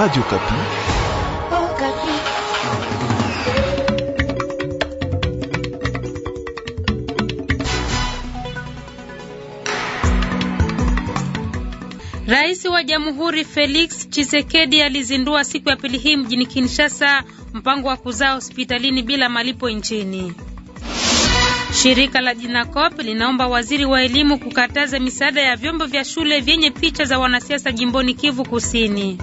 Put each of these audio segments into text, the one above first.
Radio Kapi. Oh, Kapi. Rais wa Jamhuri Felix Tshisekedi alizindua siku ya pili hii mjini Kinshasa mpango wa kuzaa hospitalini bila malipo nchini. Shirika la Jinacop linaomba waziri wa elimu kukataza misaada ya vyombo vya shule vyenye picha za wanasiasa jimboni Kivu Kusini.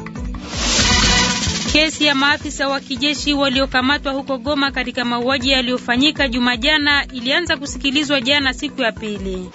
Kesi ya maafisa wa kijeshi waliokamatwa huko Goma katika mauaji yaliyofanyika Jumajana ilianza kusikilizwa jana siku ya pili.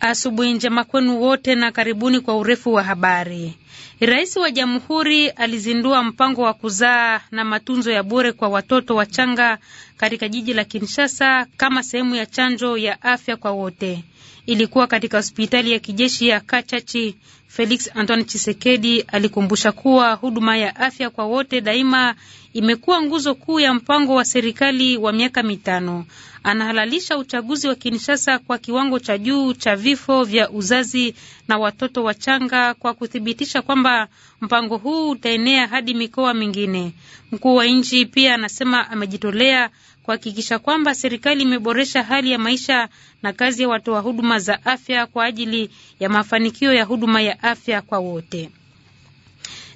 Asubuhi njema kwenu wote na karibuni kwa urefu wa habari. Rais wa Jamhuri alizindua mpango wa kuzaa na matunzo ya bure kwa watoto wachanga katika jiji la Kinshasa kama sehemu ya chanjo ya afya kwa wote ilikuwa katika hospitali ya kijeshi ya Kachachi. Felix Antoine Chisekedi alikumbusha kuwa huduma ya afya kwa wote daima imekuwa nguzo kuu ya mpango wa serikali wa miaka mitano. Anahalalisha uchaguzi wa Kinshasa kwa kiwango cha juu cha vifo vya uzazi na watoto wachanga kwa kuthibitisha kwamba mpango huu utaenea hadi mikoa mingine. Mkuu wa nchi pia anasema amejitolea kuhakikisha kwamba serikali imeboresha hali ya maisha na kazi ya watoa huduma za afya kwa ajili ya mafanikio ya huduma ya afya kwa wote.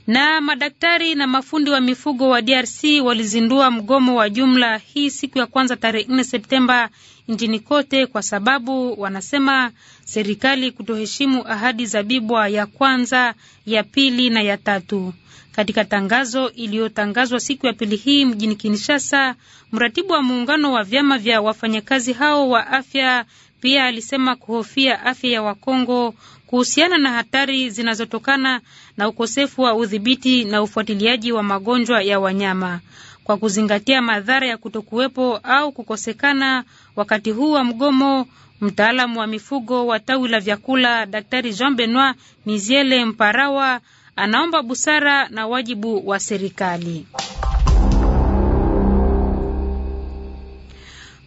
Na madaktari na mafundi wa mifugo wa DRC walizindua mgomo wa jumla hii siku ya kwanza tarehe 4 Septemba nchini kote kwa sababu wanasema serikali kutoheshimu ahadi za Bibwa ya kwanza, ya pili na ya tatu. Katika tangazo iliyotangazwa siku ya pili hii mjini Kinshasa, mratibu wa muungano wa vyama vya wafanyakazi hao wa afya pia alisema kuhofia afya ya Wakongo kuhusiana na hatari zinazotokana na ukosefu wa udhibiti na ufuatiliaji wa magonjwa ya wanyama kwa kuzingatia madhara ya kutokuwepo au kukosekana wakati huu wa mgomo. Mtaalamu wa mifugo wa tawi la vyakula Daktari Jean Benoit Miziele Mparawa anaomba busara na wajibu wa serikali.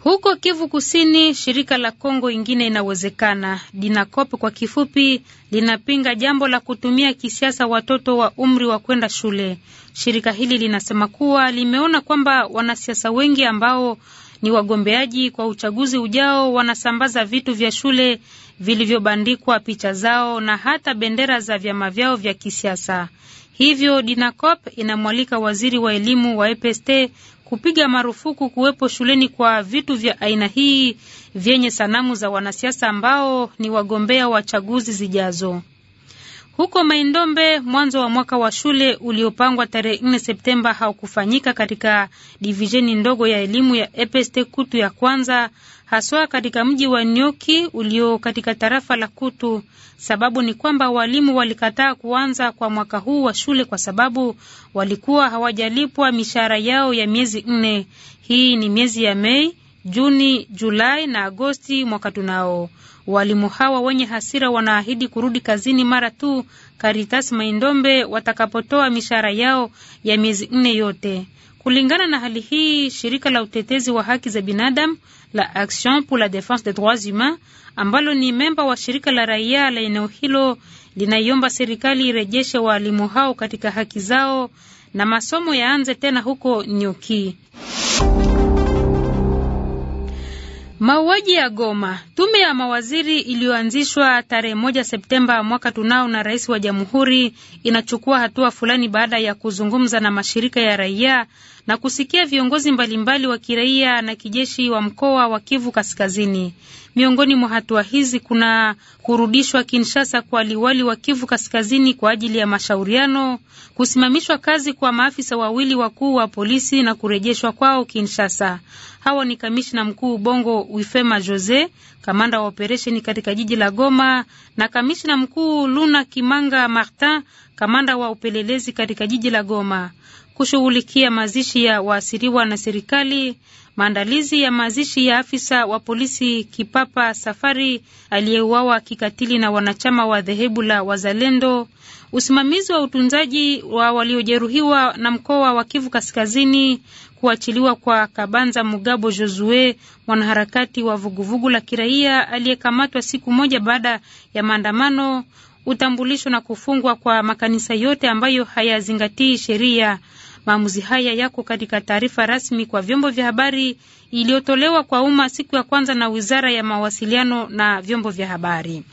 Huko Kivu Kusini, shirika la Kongo ingine inawezekana DINACOP kwa kifupi, linapinga jambo la kutumia kisiasa watoto wa umri wa kwenda shule. Shirika hili linasema kuwa limeona kwamba wanasiasa wengi ambao ni wagombeaji kwa uchaguzi ujao wanasambaza vitu vya shule vilivyobandikwa picha zao na hata bendera za vyama vyao vya kisiasa. Hivyo DINACOP inamwalika waziri wa elimu wa EPST kupiga marufuku kuwepo shuleni kwa vitu vya aina hii vyenye sanamu za wanasiasa ambao ni wagombea wa chaguzi zijazo. Huko Maindombe, mwanzo wa mwaka wa shule uliopangwa tarehe 4 Septemba haukufanyika katika divisheni ndogo ya elimu ya EPST Kutu ya kwanza, haswa katika mji wa Nyoki ulio katika tarafa la Kutu. Sababu ni kwamba walimu walikataa kuanza kwa mwaka huu wa shule kwa sababu walikuwa hawajalipwa mishahara yao ya miezi nne. Hii ni miezi ya Mei, Juni, Julai na Agosti mwaka tunao Walimu hawa wenye hasira wanaahidi kurudi kazini mara tu karitas Maindombe watakapotoa mishahara yao ya miezi nne yote. Kulingana na hali hii, shirika la utetezi wa haki za binadamu la Action pour la Defense des Droits Humains ambalo ni memba wa shirika la raia la eneo hilo linaiomba serikali irejeshe waalimu hao katika haki zao na masomo yaanze tena huko Nyuki. Mauaji ya Goma. Tume ya mawaziri iliyoanzishwa tarehe moja Septemba mwaka tunao na rais wa jamhuri inachukua hatua fulani baada ya kuzungumza na mashirika ya raia na kusikia viongozi mbalimbali wa kiraia na kijeshi wa mkoa wa Kivu Kaskazini. Miongoni mwa hatua hizi kuna kurudishwa Kinshasa kwa liwali wa Kivu Kaskazini kwa ajili ya mashauriano, kusimamishwa kazi kwa maafisa wawili wakuu wa polisi na kurejeshwa kwao Kinshasa. Hawa ni kamishna mkuu Bongo Wifema Jose, kamanda wa operesheni katika jiji la Goma, na kamishna mkuu Luna Kimanga Martin, kamanda wa upelelezi katika jiji la Goma kushughulikia mazishi ya waasiriwa na serikali, maandalizi ya mazishi ya afisa wa polisi Kipapa Safari aliyeuawa kikatili na wanachama wa dhehebu la Wazalendo, usimamizi wa utunzaji wa waliojeruhiwa na mkoa wa Kivu Kaskazini, kuachiliwa kwa Kabanza Mugabo Josue, mwanaharakati wa vuguvugu la kiraia aliyekamatwa siku moja baada ya maandamano, utambulisho na kufungwa kwa makanisa yote ambayo hayazingatii sheria. Maamuzi haya yako katika taarifa rasmi kwa vyombo vya habari iliyotolewa kwa umma siku ya kwanza na Wizara ya Mawasiliano na Vyombo vya Habari.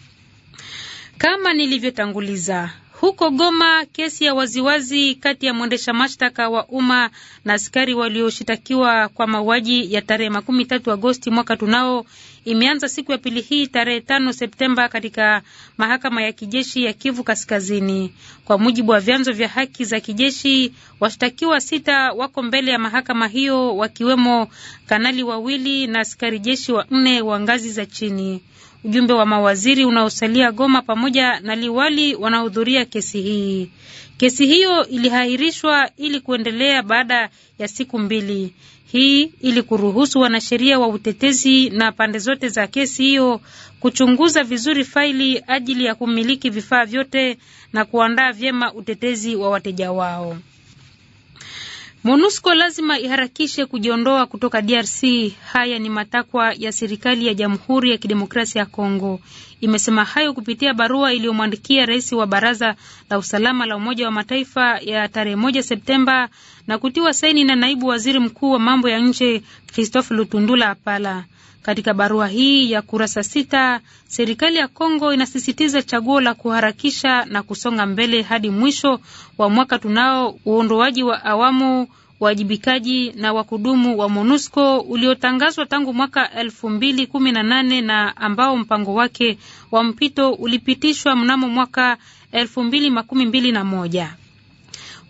Kama nilivyotanguliza, huko Goma, kesi ya waziwazi kati ya mwendesha mashtaka wa umma na askari walioshitakiwa kwa mauaji ya tarehe makumi tatu Agosti mwaka tunao imeanza siku ya pili hii tarehe tano Septemba katika mahakama ya kijeshi ya Kivu Kaskazini. Kwa mujibu wa vyanzo vya haki za kijeshi, washtakiwa sita wako mbele ya mahakama hiyo, wakiwemo kanali wawili na askari jeshi wa wa ngazi za chini. Ujumbe wa mawaziri unaosalia Goma pamoja na liwali wanahudhuria kesi hii. Kesi hiyo ilihahirishwa ili kuendelea baada ya siku mbili. Hii ili kuruhusu wanasheria wa utetezi na pande zote za kesi hiyo kuchunguza vizuri faili ajili ya kumiliki vifaa vyote na kuandaa vyema utetezi wa wateja wao. MONUSCO lazima iharakishe kujiondoa kutoka DRC. Haya ni matakwa ya serikali ya Jamhuri ya Kidemokrasia ya Kongo. Imesema hayo kupitia barua iliyomwandikia rais wa Baraza la Usalama la Umoja wa Mataifa ya tarehe moja Septemba na kutiwa saini na naibu waziri mkuu wa mambo ya nje Christophe Lutundula Apala. Katika barua hii ya kurasa sita, serikali ya Kongo inasisitiza chaguo la kuharakisha na kusonga mbele hadi mwisho wa mwaka tunao uondoaji wa awamu wajibikaji na wakudumu wa MONUSCO uliotangazwa tangu mwaka elfu mbili kumi na nane na ambao mpango wake wa mpito ulipitishwa mnamo mwaka elfu mbili makumi mbili na moja.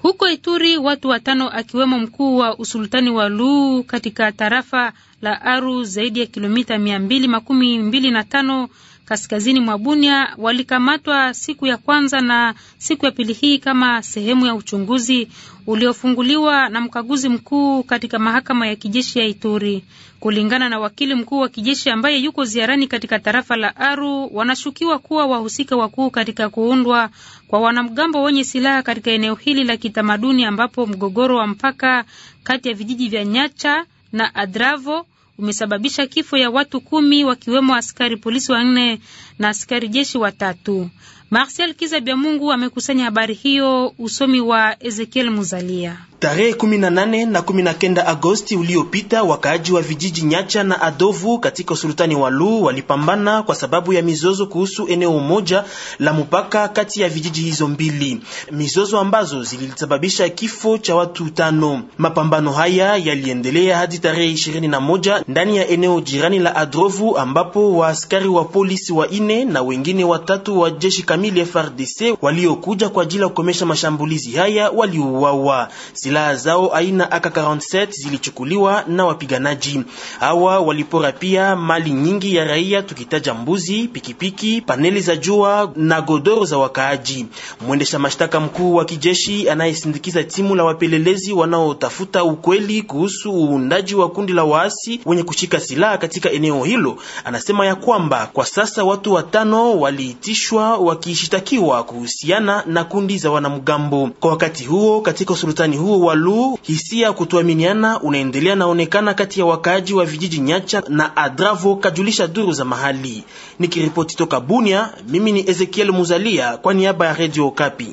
Huko Ituri watu watano akiwemo mkuu wa usultani wa Luu katika tarafa la Aru zaidi ya kilomita mia mbili makumi mbili na tano kaskazini mwa Bunia walikamatwa siku ya kwanza na siku ya pili hii kama sehemu ya uchunguzi uliofunguliwa na mkaguzi mkuu katika mahakama ya kijeshi ya Ituri. Kulingana na wakili mkuu wa kijeshi ambaye yuko ziarani katika tarafa la Aru, wanashukiwa kuwa wahusika wakuu katika kuundwa kwa wanamgambo wenye silaha katika eneo hili la kitamaduni ambapo mgogoro wa mpaka kati ya vijiji vya Nyacha na Adravo umesababisha kifo ya watu kumi wakiwemo askari polisi wanne na askari jeshi watatu. Marcel Kizabya Mungu amekusanya habari hiyo, usomi wa Ezekiel Muzalia. Tarehe 18 na 19 Agosti uliopita wakaaji wa vijiji Nyacha na Adovu katika usultani wa Luu walipambana kwa sababu ya mizozo kuhusu eneo moja la mpaka kati ya vijiji hizo mbili, mizozo ambazo zilisababisha kifo cha watu tano. Mapambano haya yaliendelea hadi tarehe 21 ndani ya eneo jirani la Adrovu ambapo waaskari wa polisi wa ine na wengine watatu wa jeshi kamili FARDC waliokuja kwa ajili ya kukomesha mashambulizi haya waliuawa. Silaha zao aina AK47 zilichukuliwa na wapiganaji hawa. Walipora pia mali nyingi ya raia, tukitaja mbuzi, pikipiki, paneli za jua na godoro za wakaaji. Mwendesha mashtaka mkuu wa kijeshi anayesindikiza timu la wapelelezi wanaotafuta ukweli kuhusu uundaji wa kundi la waasi mwenye kushika silaha katika eneo hilo anasema ya kwamba kwa sasa watu watano waliitishwa wakishitakiwa kuhusiana na kundi za wanamgambo. Kwa wakati huo, katika usultani huo wa Lu, hisia ya kutuaminiana unaendelea naonekana kati ya wakaaji wa vijiji Nyacha na Adravo, kajulisha duru za mahali. Nikiripoti toka Bunia, mimi ni Ezekiel Muzalia kwa niaba ya Radio Okapi.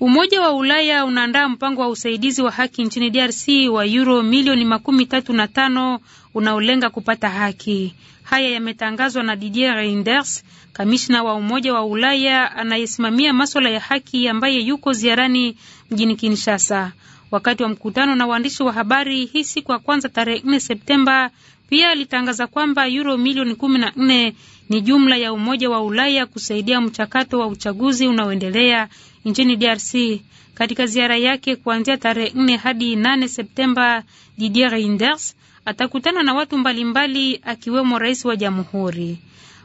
Umoja wa Ulaya unaandaa mpango wa usaidizi wa haki nchini DRC wa euro milioni makumi tatu na tano unaolenga kupata haki. Haya yametangazwa na Didier reinders kamishna wa Umoja wa Ulaya anayesimamia maswala ya haki, ambaye yuko ziarani mjini Kinshasa wakati wa mkutano na waandishi wa habari hii siku ya kwanza tarehe 4 Septemba. Pia alitangaza kwamba euro milioni 14 ni jumla ya Umoja wa Ulaya kusaidia mchakato wa uchaguzi unaoendelea nchini DRC. Katika ziara yake kuanzia tarehe nne hadi 8 Septemba, Didier reinders atakutana na watu mbalimbali akiwemo rais wa jamhuri.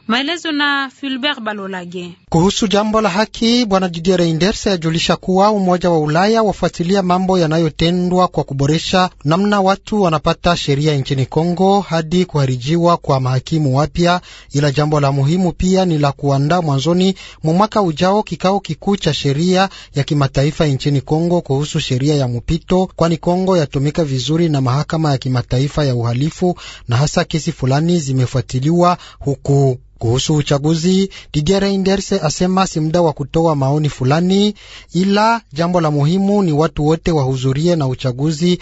Maelezo na Fulbert Balolage. Kuhusu jambo la haki, Bwana Didier Reinders yajulisha kuwa Umoja wa Ulaya wafuatilia mambo yanayotendwa kwa kuboresha namna watu wanapata sheria nchini Kongo hadi kuharijiwa kwa mahakimu wapya, ila jambo la muhimu pia ni la kuandaa mwanzoni mwa mwaka ujao kikao kikuu cha sheria ya kimataifa nchini Kongo kuhusu sheria ya mpito, kwani Kongo yatumika vizuri na mahakama ya kimataifa ya uhalifu na hasa kesi fulani zimefuatiliwa huku kuhusu uchaguzi, Didier Reinders asema si muda wa kutoa maoni fulani, ila jambo la muhimu ni watu wote wahudhurie na uchaguzi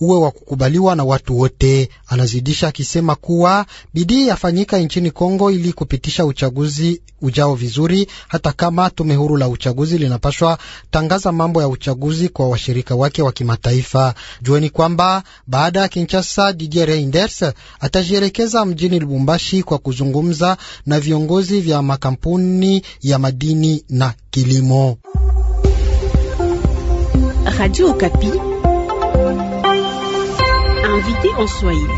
uwe wa kukubaliwa na watu wote. Anazidisha akisema kuwa bidii yafanyika nchini Kongo ili kupitisha uchaguzi ujao vizuri, hata kama tume huru la uchaguzi linapashwa tangaza mambo ya uchaguzi kwa washirika wake wa kimataifa. Jueni kwamba baada ya Kinshasa, Didier Reinders atajielekeza mjini Lubumbashi kwa kuzungumza na viongozi vya makampuni ya madini na kilimo. Radio Kapi. Invité en Swahili.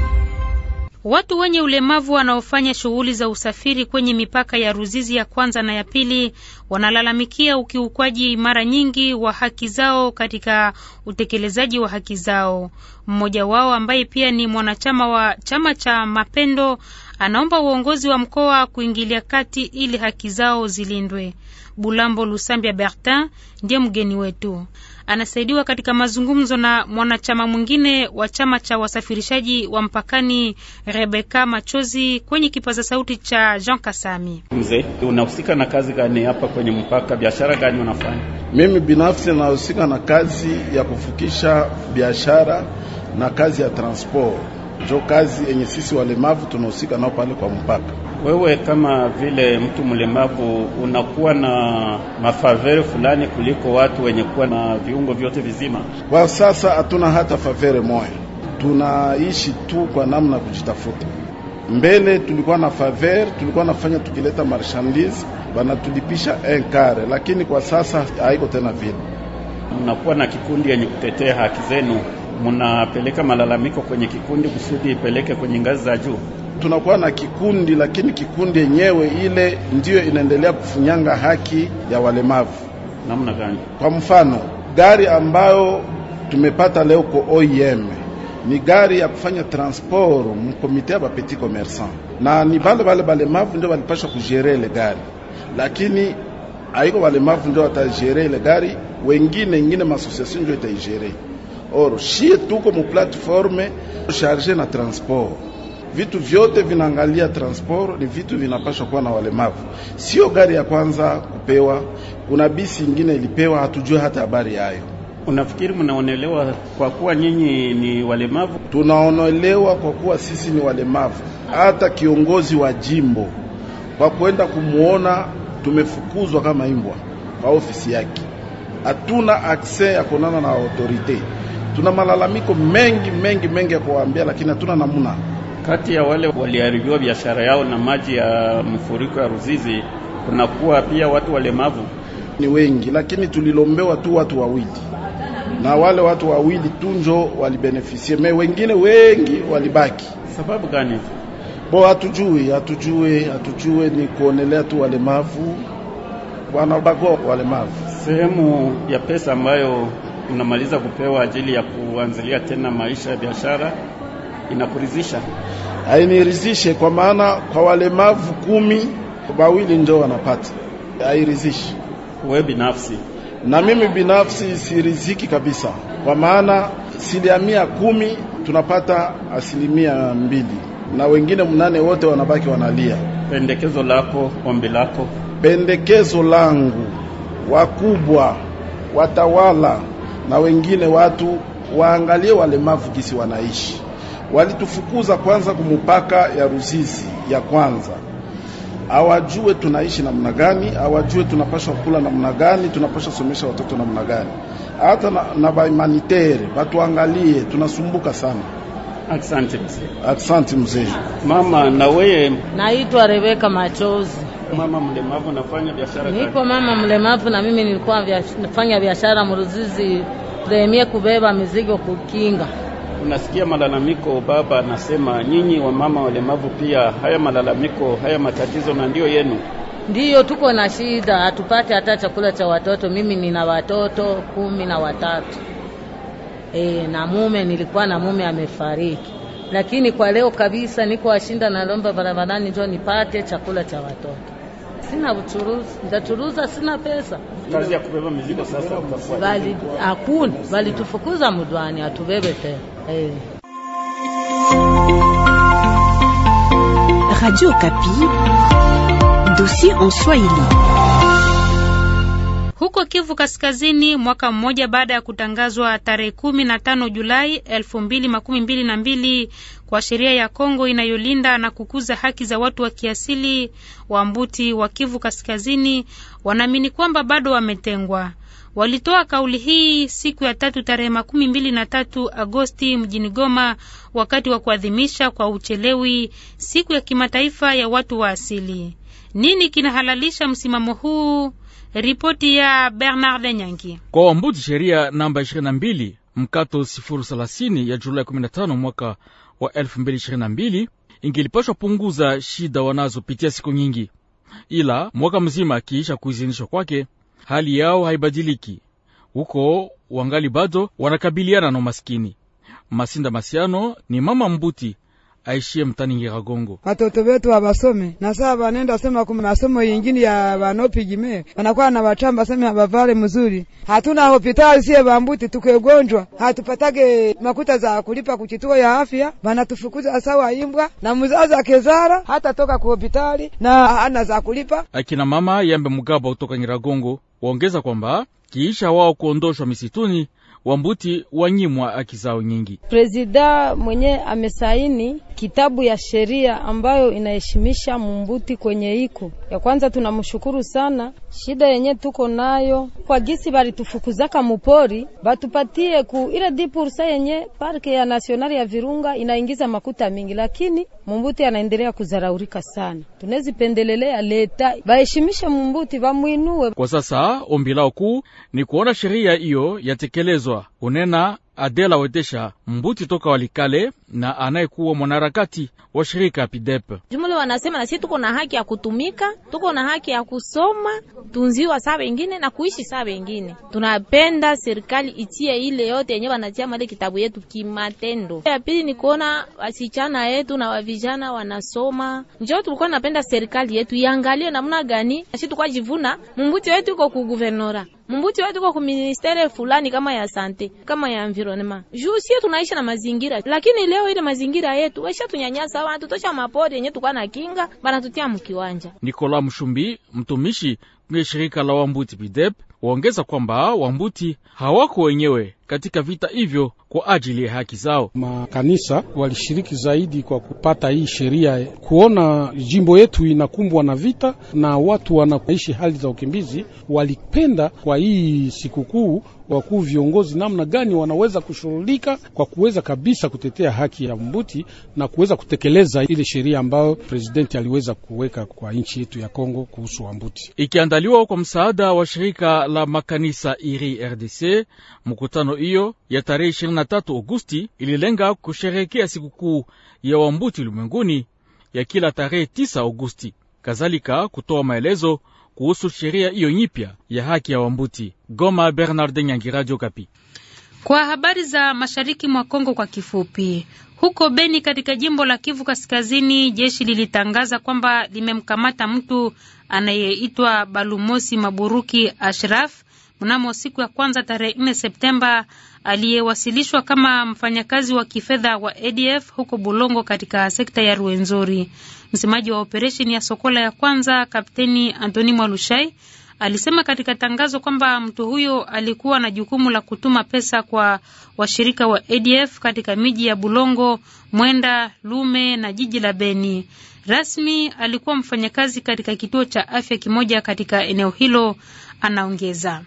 Watu wenye ulemavu wanaofanya shughuli za usafiri kwenye mipaka ya Ruzizi ya kwanza na ya pili wanalalamikia ukiukwaji mara nyingi wa haki zao katika utekelezaji wa haki zao. Mmoja wao ambaye pia ni mwanachama wa chama cha Mapendo anaomba uongozi wa mkoa kuingilia kati ili haki zao zilindwe. Bulambo Lusambia Bertin ndiye mgeni wetu anasaidiwa katika mazungumzo na mwanachama mwingine wa chama cha wasafirishaji wa mpakani Rebeka Machozi kwenye kipaza sauti cha Jean Kasami. Mzee, unahusika na kazi gani hapa kwenye mpaka? Biashara gani unafanya? Mimi binafsi nahusika na kazi ya kufukisha biashara na kazi ya transport, njo kazi yenye sisi walemavu tunahusika nao pale kwa mpaka. Wewe kama vile mtu mlemavu unakuwa na mafavere fulani kuliko watu wenye kuwa na viungo vyote vizima? Kwa sasa hatuna hata favere moja, tunaishi tu kwa namna kujitafuta. Mbele tulikuwa na favere, tulikuwa nafanya tukileta marshandise wanatulipisha enkare, lakini kwa sasa haiko tena vile. Mnakuwa na kikundi yenye kutetea haki zenu, mnapeleka malalamiko kwenye kikundi kusudi ipeleke kwenye ngazi za juu tunakuwa na kikundi, lakini kikundi yenyewe ile ndiyo inaendelea kufunyanga haki ya walemavu. Namna gani? Kwa mfano gari ambayo tumepata leo kwa OIM e ni gari ya kufanya transport mkomite ya bapeti commerçant, na ni bale bale balemavu ndio walipasha kujere ile gari, lakini aiko walemavu ndio watajere ile gari, wengine ngine masosiasio ndio itaijere. or shie tuko mu plateforme charge na transport vitu vyote vinaangalia transport, ni vitu vinapaswa kuwa na walemavu, sio gari ya kwanza kupewa. Kuna bisi ingine ilipewa, hatujui hata habari yayo. Unafikiri mnaonelewa kwa kuwa nyinyi ni walemavu? Tunaonelewa kwa kuwa sisi ni walemavu. Hata kiongozi wa jimbo kwa kwenda kumwona, tumefukuzwa kama imbwa kwa ofisi yake. Hatuna akse ya kuonana na autorite. Tuna malalamiko mengi mengi mengi ya kuwaambia, lakini hatuna namna. Kati ya wale waliharibiwa biashara yao na maji ya mfuriko ya Ruzizi, kunakuwa pia watu walemavu ni wengi, lakini tulilombewa tu watu wawili, na wale watu wawili tu njo walibenefisie me, wengine wengi walibaki. Sababu gani? Bo hatujui, hatujui, hatujui, ni kuonelea tu walemavu, wanabagua walemavu. Sehemu ya pesa ambayo unamaliza kupewa ajili ya kuanzilia tena maisha ya biashara inakuridhisha? Hainiridhishe kwa maana kwa walemavu kumi wawili ndio wanapata, hairidhishi. we binafsi na mimi binafsi siridhiki kabisa, kwa maana asilimia kumi tunapata asilimia mbili na wengine mnane wote wanabaki wanalia. Pendekezo lako, ombi lako? Pendekezo langu wakubwa, watawala na wengine watu waangalie walemavu jisi wanaishi walitufukuza kwanza kumupaka ya Ruzizi ya kwanza, awajue tunaishi namna gani, awajue tunapashwa kula namna gani, tunapashwa somesha watoto namna gani, hata na, na bahumanitere batuangalie, tunasumbuka sana. Asante mzee. Asante mzee. Mama na wewe? Naitwa Rebeka Machozi. Mama mlemavu nafanya biashara gani? Niko mama mlemavu na mimi nilikuwa nafanya biashara Mruzizi, premier kubeba mizigo kukinga Unasikia malalamiko, baba anasema nyinyi wamama walemavu pia haya malalamiko, haya matatizo na ndiyo yenu? Ndiyo, tuko na shida, hatupate hata chakula cha watoto. Mimi nina watoto kumi na watatu e, na mume nilikuwa na mume amefariki, lakini kwa leo kabisa niko washinda na lomba barabarani, njo nipate chakula cha watoto. Sina uchuruzi, nitachuruza, sina pesa. Kazi ya kubeba mizigo sasa hakuna, walitufukuza mudwani, hatubebe tena. Eh. Radio Kapi, dossier en Swahili. Huko Kivu Kaskazini, mwaka mmoja baada ya kutangazwa tarehe 15 Julai elfu kwa sheria ya Kongo inayolinda na kukuza haki za watu wa kiasili, Wambuti wa Kivu Kaskazini wanaamini kwamba bado wametengwa. Walitoa kauli hii siku ya tatu tarehe makumi mbili na tatu Agosti mjini Goma wakati wa kuadhimisha kwa uchelewi siku ya kimataifa ya watu wa asili. Nini kinahalalisha msimamo huu? Ripoti ya Bernard Nyangi. Kwa wambuzi sheria namba 22 mkato 030 ya Julai 15 mwaka wa 2022 ingilipashwa punguza shida wanazopitia siku nyingi, ila mwaka mzima akiisha kuizinishwa kwake hali yao haibadiliki huko, wangali bado wanakabiliana na no Masinda Masiano ni mama mbuti aishie mtani gongo. Watoto wetu wabasome na saa wanenda sema ku masomo yingine ya vanopigime wanakuwa na wachamba sema habavale mzuri. Hatuna hospitali sie vambuti, tukegonjwa hatupatage makuta za kulipa kuchituo ya afya, wanatufukuza sawa imbwa na mzazi akezara hata toka ku hospitali na ana za kulipa. Akina mama Yambe Mugaba kutoka Nyiragongo waongeza kwamba kiisha wao kuondoshwa misituni Wambuti wanyimwa haki zao nyingi. Prezida mwenye amesaini kitabu ya sheria ambayo inaheshimisha mumbuti kwenye iko ya kwanza, tunamshukuru sana Shida yenye tuko nayo kwa gisi tufukuzaka mupori, batupatie ku ile dipursa yenye parke ya nasionali ya Virunga inaingiza makuta mingi, lakini mumbuti anaendelea kuzaraurika sana. pendelelea leta baheshimishe mumbuti, bamwinue. Kwa sasa ombi lao kuu ni kuona sheria hiyo yatekelezwa kunena Adela Wetesha Mbuti toka Walikale na anayekuwa mwanaharakati wa shirika PIDEP. Jumla wanasema na sisi tuko na haki ya kutumika, tuko na haki ya kusoma, tunziwa saa wengine na kuishi saa wengine. Tunapenda serikali itie ile yote yenye wanatia mali kitabu yetu kimatendo. Ya pili ni kuona wasichana yetu na wavijana wanasoma. Njoo tulikuwa napenda serikali yetu iangalie namna gani sisi tukajivuna Mbuti wetu uko ku guvernora Mumbuti watu kwa kuministere fulani kama ya sante, kama ya environment. Juu sio tunaisha na mazingira, lakini leo ile mazingira yetu waisha tunyanyasa watu tosha mapori yenye tukana kinga bana tutia mkiwanja. Nikola Mshumbi mtumishi shirika la Wambuti Bidep waongeza kwamba Wambuti hawako wenyewe katika vita hivyo kwa ajili ya haki zao. Makanisa walishiriki zaidi kwa kupata hii sheria, kuona jimbo yetu inakumbwa na vita na watu wanaishi hali za ukimbizi. Walipenda kwa hii sikukuu wakuu viongozi namna gani wanaweza kushughulika kwa kuweza kabisa kutetea haki ya mbuti na kuweza kutekeleza ile sheria ambayo presidenti aliweza kuweka kwa nchi yetu ya Kongo kuhusu wambuti, ikiandaliwa kwa msaada wa shirika la makanisa IRI RDC. Mkutano hiyo ya tarehe 23 Agosti ililenga kusherekea sikukuu ya wambuti ulimwenguni ya kila tarehe 9 Agosti, kadhalika kutoa maelezo kuhusu sheria hiyo nyipya ya haki ya Wambuti. Goma, Bernard Nyangira, Kapi. Kwa habari za mashariki mwa Kongo kwa kifupi, huko Beni katika jimbo la Kivu Kaskazini, jeshi lilitangaza kwamba limemkamata mtu anayeitwa Balumosi Maburuki Ashraf mnamo siku ya kwanza tarehe 4 Septemba aliyewasilishwa kama mfanyakazi wa kifedha wa ADF huko Bulongo katika sekta ya Ruenzori. Msemaji wa operesheni ya Sokola ya kwanza, Kapteni Antoni Mwalushai alisema katika tangazo kwamba mtu huyo alikuwa na jukumu la kutuma pesa kwa washirika wa ADF katika miji ya Bulongo, Mwenda, Lume na jiji la Beni. Rasmi alikuwa mfanyakazi katika kituo cha afya kimoja katika eneo hilo, anaongeza.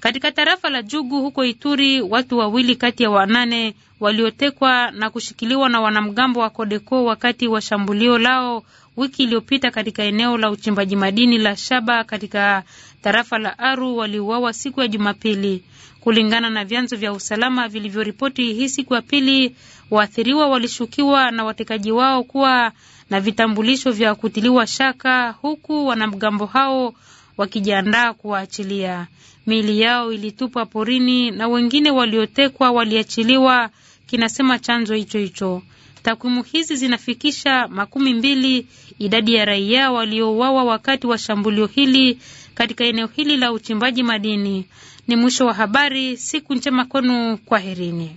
Katika tarafa la Jugu huko Ituri, watu wawili kati ya wanane waliotekwa na kushikiliwa na wanamgambo wa Kodeko wakati wa shambulio lao wiki iliyopita katika eneo la uchimbaji madini la shaba katika tarafa la Aru waliuawa siku ya Jumapili, kulingana na vyanzo vya usalama vilivyoripoti hii siku ya pili. Waathiriwa walishukiwa na watekaji wao kuwa na vitambulisho vya kutiliwa shaka, huku wanamgambo hao wakijiandaa kuwaachilia. Miili yao ilitupwa porini na wengine waliotekwa waliachiliwa, kinasema chanzo hicho hicho. Takwimu hizi zinafikisha makumi mbili idadi ya raia waliouawa wakati wa shambulio hili katika eneo hili la uchimbaji madini. Ni mwisho wa habari. Siku njema kwenu, kwaherini.